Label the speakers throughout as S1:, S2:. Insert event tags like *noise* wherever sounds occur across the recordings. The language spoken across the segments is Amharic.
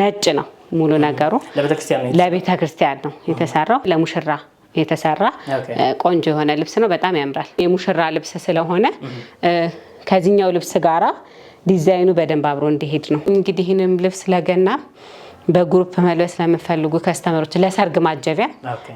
S1: ነጭ ነው ሙሉ ነገሩ። ለቤተ ክርስቲያን ነው የተሰራው። ለሙሽራ የተሰራ ቆንጆ የሆነ ልብስ ነው። በጣም ያምራል። የሙሽራ ልብስ ስለሆነ ከዚህኛው ልብስ ጋራ ዲዛይኑ በደንብ አብሮ እንዲሄድ ነው። እንግዲህ ይህንም ልብስ ለገና በግሩፕ መልበስ ለምፈልጉ ከስተመሮች ለሰርግ ማጀቢያ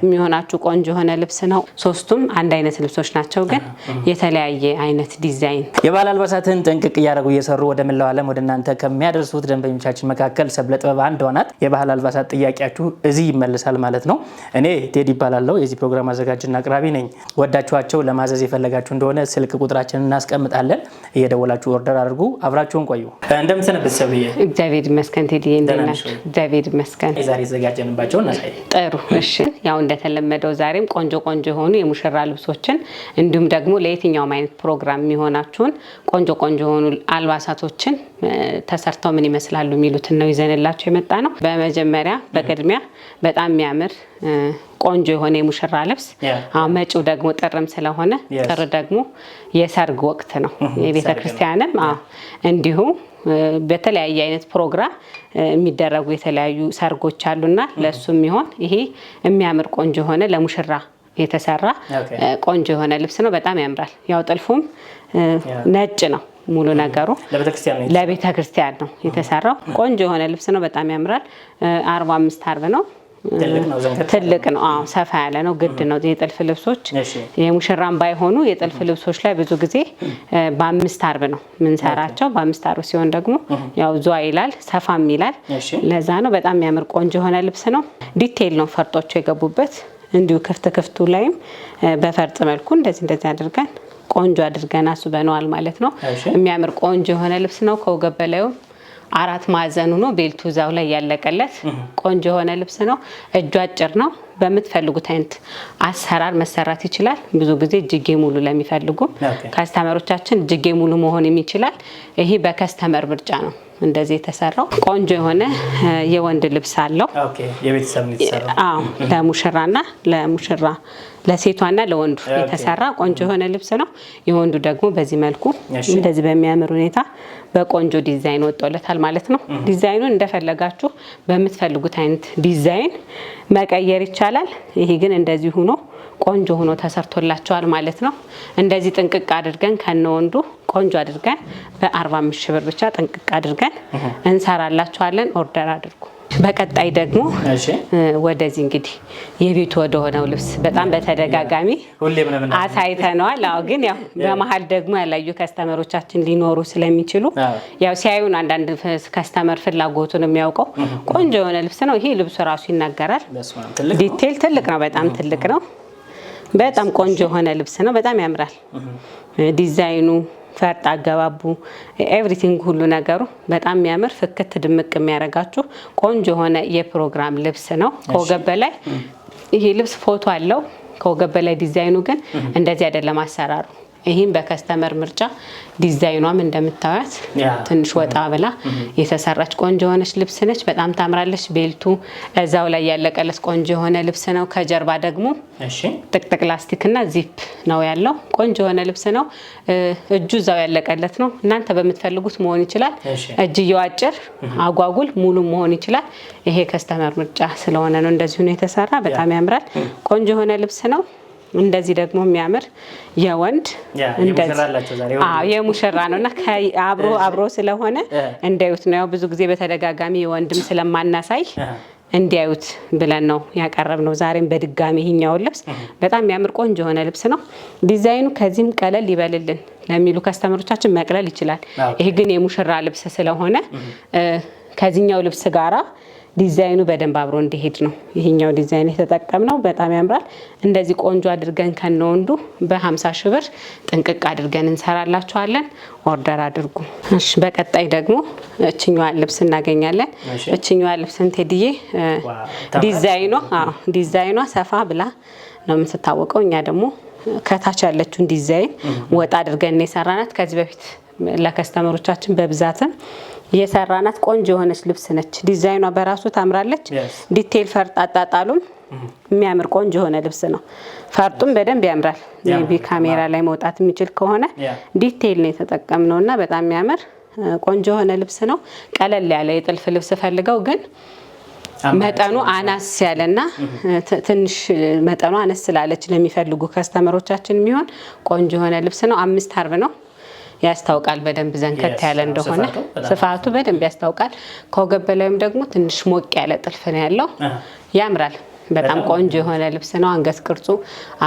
S1: የሚሆናችሁ ቆንጆ የሆነ ልብስ ነው። ሶስቱም አንድ አይነት ልብሶች ናቸው፣ ግን የተለያየ አይነት ዲዛይን።
S2: የባህል አልባሳትን ጥንቅቅ እያደረጉ እየሰሩ ወደ መላው ዓለም ወደ እናንተ ከሚያደርሱት ደንበኞቻችን መካከል ሰብለ ጥበብ አንዷ ናት። የባህል አልባሳት ጥያቄያችሁ እዚህ ይመልሳል ማለት ነው። እኔ ቴዲ ይባላለሁ፣ የዚህ ፕሮግራም አዘጋጅና አቅራቢ ነኝ። ወዳችኋቸው ለማዘዝ የፈለጋችሁ እንደሆነ ስልክ ቁጥራችን እናስቀምጣለን። እየደወላችሁ ኦርደር አድርጉ። አብራችሁን ቆዩ። እንደምትሰነብት ሰብዬ፣
S1: እግዚአብሔር ይመስገን ቴዲ እግዚአብሔር ይመስገን።
S2: ዛሬ ዘጋጀንባቸውን
S1: ጥሩ። እሺ፣ ያው እንደተለመደው ዛሬም ቆንጆ ቆንጆ የሆኑ የሙሽራ ልብሶችን እንዲሁም ደግሞ ለየትኛውም አይነት ፕሮግራም የሚሆናችሁን ቆንጆ ቆንጆ የሆኑ አልባሳቶችን ተሰርተው ምን ይመስላሉ የሚሉትን ነው ይዘንላቸው የመጣ ነው። በመጀመሪያ በቅድሚያ በጣም የሚያምር ቆንጆ የሆነ የሙሽራ ልብስ መጪው ደግሞ ጥርም ስለሆነ ጥር ደግሞ የሰርግ ወቅት ነው *laughs* የቤተክርስቲያንም እንዲሁ በተለያየ አይነት ፕሮግራም የሚደረጉ የተለያዩ ሰርጎች አሉና ለሱም ይሆን ይሄ የሚያምር ቆንጆ የሆነ ለሙሽራ የተሰራ ቆንጆ የሆነ ልብስ ነው። በጣም ያምራል። ያው ጥልፉም ነጭ ነው። ሙሉ ነገሩ ለቤተ ክርስቲያን ነው የተሰራው። ቆንጆ የሆነ ልብስ ነው። በጣም ያምራል። አርባ አምስት አርብ ነው። ትልቅ ነው። አዎ ሰፋ ያለ ነው። ግድ ነው። የጥልፍ ልብሶች የሙሽራም ባይሆኑ የጥልፍ ልብሶች ላይ ብዙ ጊዜ በአምስት አርብ ነው ምንሰራቸው። በአምስት አርብ ሲሆን ደግሞ ያው ዙዋ ይላል፣ ሰፋም ይላል። ለዛ ነው በጣም የሚያምር ቆንጆ የሆነ ልብስ ነው። ዲቴይል ነው ፈርጦቹ የገቡበት። እንዲሁ ክፍት ክፍቱ ላይም በፈርጥ መልኩ እንደዚህ እንደዚህ አድርገን ቆንጆ አድርገን አስበነዋል ማለት ነው። የሚያምር ቆንጆ የሆነ ልብስ ነው ከወገብ አራት ማዕዘን ሆኖ ቤልቱ እዛው ላይ ያለቀለት ቆንጆ የሆነ ልብስ ነው። እጁ አጭር ነው። በምትፈልጉት አይነት አሰራር መሰራት ይችላል። ብዙ ጊዜ እጅጌ ሙሉ ለሚፈልጉም ከስተመሮቻችን እጅጌ ሙሉ መሆንም ይችላል። ይሄ በከስተመር ምርጫ ነው እንደዚህ የተሰራው ቆንጆ የሆነ የወንድ ልብስ አለው። ለሙሽራና ለሙሽራ ለሴቷና ለወንዱ የተሰራ ቆንጆ የሆነ ልብስ ነው። የወንዱ ደግሞ በዚህ መልኩ እንደዚህ በሚያምር ሁኔታ በቆንጆ ዲዛይን ወጥቶለታል ማለት ነው። ዲዛይኑን እንደፈለጋችሁ በምትፈልጉት አይነት ዲዛይን መቀየር ይቻላል። ይሄ ግን እንደዚህ ሆኖ ቆንጆ ሆኖ ተሰርቶላቸዋል ማለት ነው። እንደዚህ ጥንቅቅ አድርገን ከነወንዱ ቆንጆ አድርገን በ45 ሺህ ብር ብቻ ጥንቅቅ አድርገን እንሰራላችኋለን። ኦርደር አድርጉ። በቀጣይ ደግሞ ወደዚህ እንግዲህ የቤቱ ሆነው ልብስ በጣም በተደጋጋሚ አሳይተነዋል። አዎ፣ ግን ያው በመሀል ደግሞ ያላዩ ከስተመሮቻችን ሊኖሩ ስለሚችሉ ያው ሲያዩን አንዳንድ ከስተመር ፍላጎቱን የሚያውቀው ቆንጆ የሆነ ልብስ ነው። ይሄ ልብሱ ራሱ ይናገራል። ዲቴል ትልቅ ነው፣ በጣም ትልቅ ነው። በጣም ቆንጆ የሆነ ልብስ ነው። በጣም ያምራል ዲዛይኑ ፈርጥ አገባቡ ኤቭሪቲንግ ሁሉ ነገሩ በጣም የሚያምር ፍክት ድምቅ የሚያደርጋችሁ ቆንጆ የሆነ የፕሮግራም ልብስ ነው። ከወገብ በላይ ይሄ ልብስ ፎቶ አለው። ከወገብ በላይ ዲዛይኑ ግን እንደዚህ አይደለም አሰራሩ ይህም በከስተመር ምርጫ ዲዛይኗም እንደምታዩት ትንሽ ወጣ ብላ የተሰራች ቆንጆ የሆነች ልብስ ነች። በጣም ታምራለች። ቤልቱ እዛው ላይ ያለቀለስ ቆንጆ የሆነ ልብስ ነው። ከጀርባ ደግሞ ጥቅጥቅ ላስቲክና ዚፕ ነው ያለው። ቆንጆ የሆነ ልብስ ነው። እጁ እዛው ያለቀለት ነው። እናንተ በምትፈልጉት መሆን ይችላል። እጅየው አጭር፣ አጓጉል፣ ሙሉ መሆን ይችላል። ይሄ ከስተመር ምርጫ ስለሆነ ነው እንደዚሁ ነው የተሰራ። በጣም ያምራል። ቆንጆ የሆነ ልብስ ነው። እንደዚህ ደግሞ የሚያምር የወንድ የሙሽራ ነው እና *laughs* አብሮ አብሮ ስለሆነ እንዳዩት ነው። ብዙ ጊዜ በተደጋጋሚ የወንድም ስለማናሳይ እንዲያዩት ብለን ነው ያቀረብ ነው። ዛሬም በድጋሚ ይህኛውን ልብስ በጣም የሚያምር ቆንጆ የሆነ ልብስ ነው። ዲዛይኑ ከዚህም ቀለል ይበልልን ለሚሉ ከስተመሮቻችን መቅለል ይችላል። ይህ ግን የሙሽራ ልብስ ስለሆነ ከዚህኛው ልብስ ጋራ ዲዛይኑ በደንብ አብሮ እንዲሄድ ነው ይሄኛው ዲዛይን የተጠቀምነው። በጣም ያምራል። እንደዚህ ቆንጆ አድርገን ከነወንዱ በ50 ሺህ ብር ጥንቅቅ አድርገን እንሰራላችኋለን። ኦርደር አድርጉ። እሺ፣ በቀጣይ ደግሞ እችኛዋን ልብስ እናገኛለን። እችኛዋ ልብስ እንቴድዬ ዲዛይኗ አዎ፣ ዲዛይኗ ሰፋ ብላ ነው የምትታወቀው። እኛ ደግሞ ከታች ያለችውን ዲዛይን ወጣ አድርገን የሰራናት። ከዚህ በፊት ለከስተመሮቻችን በብዛትም የሰራናት ቆንጆ የሆነች ልብስ ነች። ዲዛይኗ በራሱ ታምራለች። ዲቴል ፈርጥ አጣጣሉም የሚያምር ቆንጆ የሆነ ልብስ ነው። ፈርጡም በደንብ ያምራል። ቢ ካሜራ ላይ መውጣት የሚችል ከሆነ ዲቴይል ነው የተጠቀምነው እና በጣም የሚያምር ቆንጆ የሆነ ልብስ ነው። ቀለል ያለ የጥልፍ ልብስ ፈልገው ግን መጠኑ አናስ ያለና mm-hmm. ትንሽ መጠኑ አነስ ስላለች ለሚፈልጉ ከስተመሮቻችን የሚሆን ቆንጆ የሆነ ልብስ ነው። አምስት አርብ ነው ያስታውቃል በደንብ ዘንከት ያለ እንደሆነ ስፋቱ በደንብ ያስታውቃል። ከወገብ በላይም ደግሞ ትንሽ ሞቅ ያለ ጥልፍ ነው ያለው። ያምራል። በጣም ቆንጆ የሆነ ልብስ ነው። አንገት ቅርጹ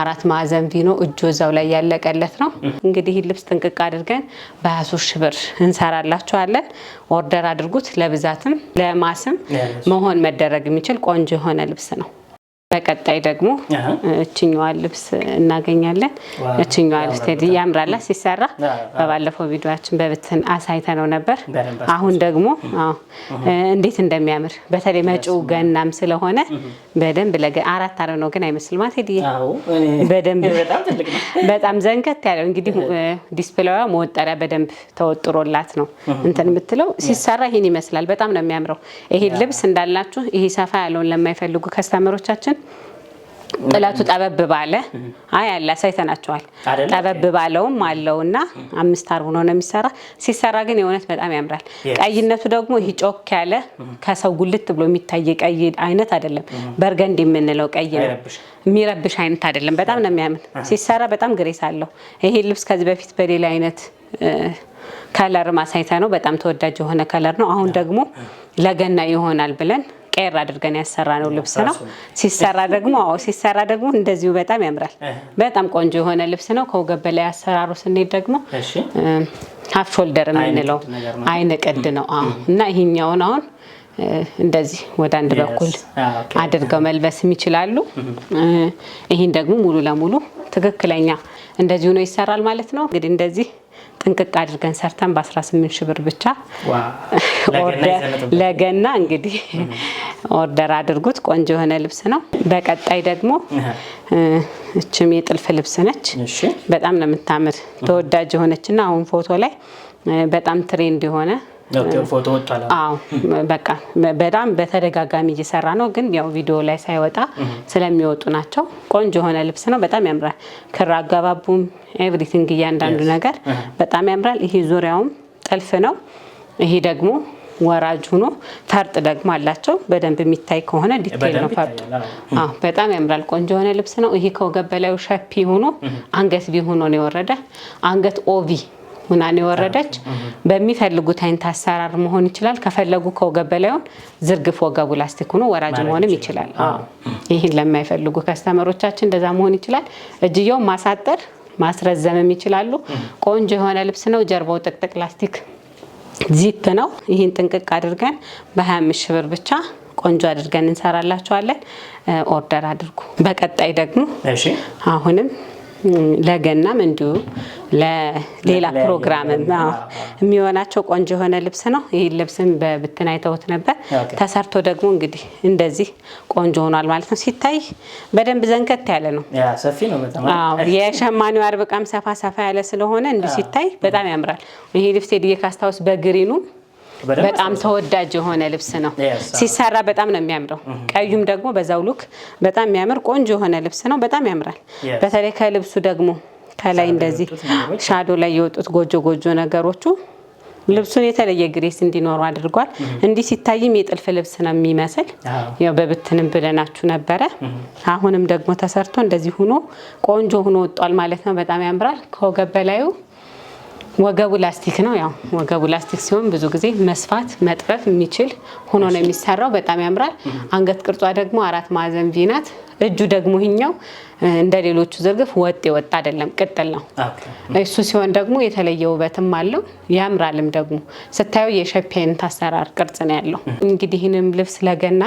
S1: አራት ማዕዘን ቪኖ እጆ እዛው ላይ ያለቀለት ነው። እንግዲህ ልብስ ጥንቅቅ አድርገን በ23 ሺ ብር እንሰራላችኋለን። ኦርደር አድርጉት። ለብዛትም ለማስም መሆን መደረግ የሚችል ቆንጆ የሆነ ልብስ ነው። በቀጣይ ደግሞ እችኛዋ ልብስ እናገኛለን። እችኛዋ ልብስ ያምራላ ሲሰራ በባለፈው ቪዲዮችን በብትን አሳይተነው ነበር። አሁን ደግሞ እንዴት እንደሚያምር በተለይ መጪው ገናም ስለሆነ በደንብ አራት አረ ነው ግን አይመስልም አትሄድ በደንብ *laughs* በጣም ዘንከት ያለው እንግዲህ ዲስፕሌዋ መወጠሪያ በደንብ ተወጥሮላት ነው እንትን የምትለው ሲሰራ ይህን ይመስላል። በጣም ነው የሚያምረው። ይሄ ልብስ እንዳላችሁ ይሄ ሰፋ ያለውን ለማይፈልጉ ከስተመሮቻችን ጥለቱ ጠበብ ባለ አይ አለ አሳይተናቸዋል። ጠበብ ባለውም አለውና አምስት አርብ ሆኖ ነው የሚሰራ። ሲሰራ ግን የእውነት በጣም ያምራል። ቀይነቱ ደግሞ ይህ ጮክ ያለ ከሰው ጉልት ብሎ የሚታይ ቀይ አይነት አይደለም። mm-hmm. በርገንድ የምንለው ቀይ ነው፣ የሚረብሽ አይነት አይደለም። በጣም ነው የሚያምር። mm-hmm. ሲሰራ፣ በጣም ግሬስ አለው። ይሄ ልብስ ከዚህ በፊት በሌላ አይነት ከለር ማሳይተ ነው፣ በጣም ተወዳጅ የሆነ ከለር ነው። አሁን ደግሞ ለገና ይሆናል ብለን ቀየር አድርገን ያሰራ ነው ልብስ ነው። ሲሰራ ደግሞ ሲሰራ ደግሞ እንደዚሁ በጣም ያምራል። በጣም ቆንጆ የሆነ ልብስ ነው። ከወገብ በላይ አሰራሩ ስንሄድ ደግሞ ሀፍ ሾልደር የምንለው አይነ ቅድ ነው እና ይሄኛውን አሁን እንደዚህ ወደ አንድ በኩል አድርገው መልበስም ይችላሉ። ይህን ደግሞ ሙሉ ለሙሉ ትክክለኛ እንደዚሁ ነው ይሰራል ማለት ነው እንግዲህ እንደዚህ ጥንቅቅ አድርገን ሰርተን በ18 ሺህ ብር ብቻ ለገና እንግዲህ ኦርደር አድርጉት። ቆንጆ የሆነ ልብስ ነው። በቀጣይ ደግሞ እችም የጥልፍ ልብስ ነች። በጣም ነው የምታምር ተወዳጅ የሆነች እና አሁን ፎቶ ላይ በጣም ትሬንድ የሆነ በቃ በጣም በተደጋጋሚ እየሰራ ነው፣ ግን ያው ቪዲዮ ላይ ሳይወጣ ስለሚወጡ ናቸው። ቆንጆ የሆነ ልብስ ነው፣ በጣም ያምራል። ክር አገባቡም ኤቭሪቲንግ፣ እያንዳንዱ ነገር በጣም ያምራል። ይሄ ዙሪያውም ጥልፍ ነው። ይሄ ደግሞ ወራጅ ሆኖ ፈርጥ ደግሞ አላቸው። በደንብ የሚታይ ከሆነ ዲቴል ነው ፈርጡ። በጣም ያምራል። ቆንጆ የሆነ ልብስ ነው። ይሄ ከወገብ በላዩ ሸፒ ሆኖ አንገት ቢ ሆኖ ነው የወረደ አንገት ኦቪ ሁናን የወረደች። በሚፈልጉት አይነት አሰራር መሆን ይችላል። ከፈለጉ ከወገብ በላይሆን ዝርግፍ ወገቡ ላስቲክ ሆኖ ወራጅ መሆንም ይችላል። ይህን ለማይፈልጉ ከስተመሮቻችን እንደዛ መሆን ይችላል። እጅየው ማሳጠር ማስረዘምም ይችላሉ። ቆንጆ የሆነ ልብስ ነው። ጀርባው ጥቅጥቅ ላስቲክ ዚፕ ነው። ይህን ጥንቅቅ አድርገን በ25 ሺህ ብር ብቻ ቆንጆ አድርገን እንሰራላችኋለን። ኦርደር አድርጉ። በቀጣይ ደግሞ አሁንም ለገናም እንዲሁ ለሌላ ፕሮግራም የሚሆናቸው ቆንጆ የሆነ ልብስ ነው። ይህ ልብስም በብትን አይተውት ነበር። ተሰርቶ ደግሞ እንግዲህ እንደዚህ ቆንጆ ሆኗል ማለት ነው። ሲታይ በደንብ ዘንከት ያለ ነው። የሸማኔው አርብ ዕቃም ሰፋ ሰፋ ያለ ስለሆነ እንዲሁ ሲታይ በጣም ያምራል። ይሄ ልብስ ሄድዬ ካስታውስ በግሪኑም በጣም ተወዳጅ የሆነ ልብስ ነው። ሲሰራ በጣም ነው የሚያምረው። ቀዩም ደግሞ በዛው ሉክ በጣም የሚያምር ቆንጆ የሆነ ልብስ ነው። በጣም ያምራል። በተለይ ከልብሱ ደግሞ ከላይ እንደዚህ ሻዶ ላይ የወጡት ጎጆ ጎጆ ነገሮቹ ልብሱን የተለየ ግሬስ እንዲኖሩ አድርጓል። እንዲህ ሲታይም የጥልፍ ልብስ ነው የሚመስል ያው በብትንም ብለናችሁ ነበረ። አሁንም ደግሞ ተሰርቶ እንደዚህ ሆኖ ቆንጆ ሆኖ ወጧል ማለት ነው። በጣም ያምራል ከወገብ በላዩ ወገቡ ላስቲክ ነው። ያው ወገቡ ላስቲክ ሲሆን ብዙ ጊዜ መስፋት መጥረፍ የሚችል ሆኖ ነው የሚሰራው። በጣም ያምራል። አንገት ቅርጿ ደግሞ አራት ማዕዘን ቪ ናት። እጁ ደግሞ ይኛው እንደ ሌሎቹ ዝርግፍ ወጥ የወጣ አይደለም፣ ቅጥል ነው። እሱ ሲሆን ደግሞ የተለየ ውበትም አለው ያምራልም ደግሞ ስታየው የሸፔንት አሰራር ቅርጽ ነው ያለው። እንግዲህ ይህንም ልብስ ለገና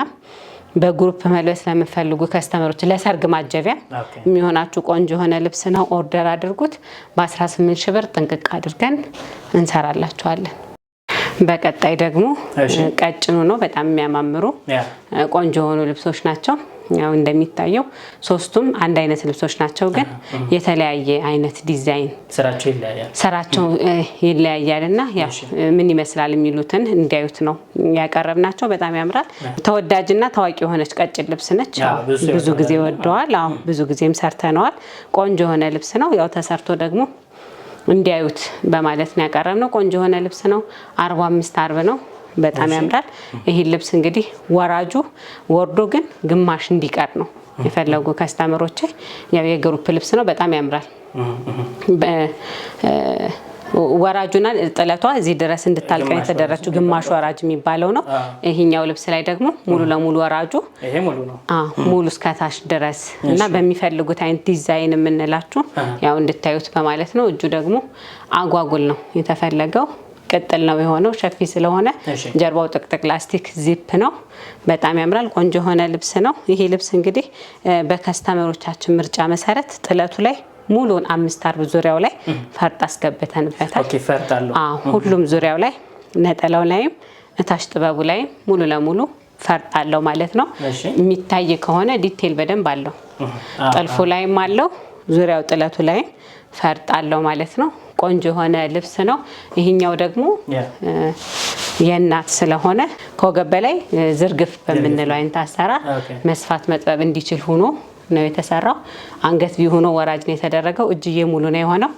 S1: በግሩፕ መልበስ ለምፈልጉ ከስተመሮች ለሰርግ ማጀቢያ የሚሆናችሁ ቆንጆ የሆነ ልብስ ነው። ኦርደር አድርጉት። በ18 ሺ ብር ጥንቅቅ አድርገን እንሰራላችኋለን። በቀጣይ ደግሞ ቀጭኑ ነው በጣም የሚያማምሩ ቆንጆ የሆኑ ልብሶች ናቸው። ያው እንደሚታየው ሶስቱም አንድ አይነት ልብሶች ናቸው፣ ግን የተለያየ አይነት ዲዛይን ስራቸው ይለያያል እና ምን ይመስላል የሚሉትን እንዲያዩት ነው ያቀረብናቸው። በጣም ያምራል። ተወዳጅና ታዋቂ የሆነች ቀጭን ልብስ ነች። ብዙ ጊዜ ወደዋል። ብዙ ጊዜም ሰርተነዋል። ቆንጆ የሆነ ልብስ ነው። ያው ተሰርቶ ደግሞ እንዲያዩት በማለት ነው ነው። ቆንጆ የሆነ ልብስ ነው። አርባ አምስት አርብ ነው። በጣም ያምራል። ይህን ልብስ እንግዲህ ወራጁ ወርዶ ግን ግማሽ እንዲቀር ነው የፈለጉ ከስተመሮቼ። ያው የግሩፕ ልብስ ነው። በጣም ያምራል። ወራጁና ጥለቷ እዚህ ድረስ እንድታልቅ የተደረችው ግማሽ ወራጅ የሚባለው ነው። ይሄኛው ልብስ ላይ ደግሞ ሙሉ ለሙሉ ወራጁ ሙሉ እስከታች ድረስ እና በሚፈልጉት አይነት ዲዛይን የምንላችሁ ያው እንድታዩት በማለት ነው። እጁ ደግሞ አጓጉል ነው የተፈለገው ቅጥል ነው የሆነው። ሸፊ ስለሆነ ጀርባው ጥቅጥቅ ላስቲክ ዚፕ ነው። በጣም ያምራል። ቆንጆ የሆነ ልብስ ነው። ይሄ ልብስ እንግዲህ በከስተመሮቻችን ምርጫ መሰረት ጥለቱ ላይ ሙሉን አምስት አርብ ዙሪያው ላይ ፈርጥ አስገብተንበታል። ሁሉም ዙሪያው ላይ ነጠላው ላይም እታች ጥበቡ ላይም ሙሉ ለሙሉ ፈርጥ አለው ማለት ነው። የሚታይ ከሆነ ዲቴል በደንብ አለው። ጥልፉ ላይም አለው፣ ዙሪያው ጥለቱ ላይም ፈርጥ አለው ማለት ነው። ቆንጆ የሆነ ልብስ ነው። ይህኛው ደግሞ የእናት ስለሆነ ከወገብ በላይ ዝርግፍ በምንለው አይነት አሰራር መስፋት መጥበብ እንዲችል ሆኖ ነው የተሰራው። አንገት ቪ ሆኖ ወራጅ ነው የተደረገው። እጅዬ ሙሉ ነው የሆነው።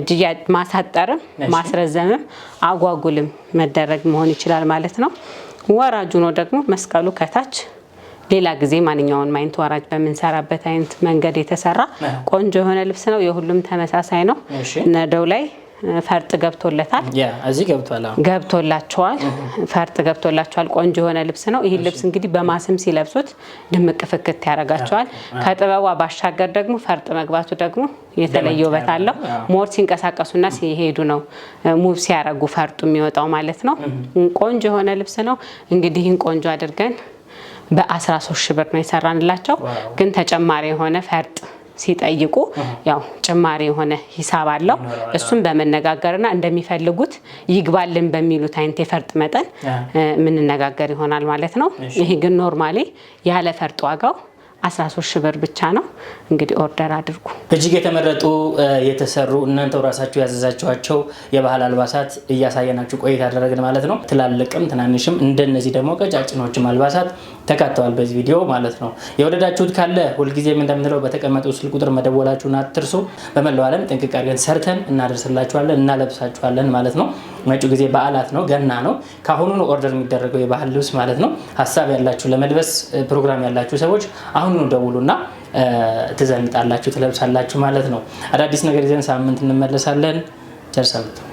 S1: እጅዬ ማሳጠርም ማስረዘምም አጓጉልም መደረግ መሆን ይችላል ማለት ነው። ወራጁ ነው ደግሞ መስቀሉ ከታች ሌላ ጊዜ ማንኛውንም አይነት ወራጅ በምንሰራበት አይነት መንገድ የተሰራ ቆንጆ የሆነ ልብስ ነው። የሁሉም ተመሳሳይ ነው። ነደው ላይ ፈርጥ ገብቶለታል። ገብቶላቸዋል። ፈርጥ ገብቶላቸዋል። ቆንጆ የሆነ ልብስ ነው። ይህን ልብስ እንግዲህ በማስም ሲለብሱት ድምቅ ፍክት ያደርጋቸዋል። ከጥበቧ ባሻገር ደግሞ ፈርጥ መግባቱ ደግሞ የተለየ ውበት አለው። ሞር ሲንቀሳቀሱና ሲሄዱ ነው ሙብ ሲያረጉ ፈርጡ የሚወጣው ማለት ነው። ቆንጆ የሆነ ልብስ ነው። እንግዲህ ይህን ቆንጆ አድርገን በ13 ሺ ብር ነው የሰራንላቸው። ግን ተጨማሪ የሆነ ፈርጥ ሲጠይቁ ያው ጭማሪ የሆነ ሂሳብ አለው። እሱም በመነጋገርና እንደሚፈልጉት ይግባልን በሚሉት አይነት የፈርጥ መጠን የምንነጋገር ይሆናል ማለት ነው። ይሄ ግን ኖርማሌ ያለ ፈርጥ ዋጋው 13 ሺህ ብር ብቻ ነው። እንግዲህ ኦርደር አድርጉ።
S2: እጅግ የተመረጡ የተሰሩ እናንተው ራሳችሁ ያዘዛችኋቸው የባህል አልባሳት እያሳየናችሁ ቆይታ ያደረግን ማለት ነው። ትላልቅም ትናንሽም እንደነዚህ ደግሞ ቀጫጭኖችም አልባሳት ተካተዋል በዚህ ቪዲዮ ማለት ነው። የወደዳችሁት ካለ ሁልጊዜም እንደምንለው በተቀመጠው ስልክ ቁጥር መደወላችሁን አትርሱ። በመላው ዓለም ጥንቅቅ አድርገን ሰርተን እናደርስላችኋለን፣ እናለብሳችኋለን ማለት ነው። መጪው ጊዜ በዓላት ነው፣ ገና ነው። ከአሁኑ ነው ኦርደር የሚደረገው የባህል ልብስ ማለት ነው። ሀሳብ ያላችሁ ለመልበስ ፕሮግራም ያላችሁ ሰዎች አሁኑ ደውሉና ትዘንጣላችሁ፣ ትለብሳላችሁ ማለት ነው። አዳዲስ ነገር ይዘን ሳምንት እንመለሳለን። ቸር ሰንብቱ።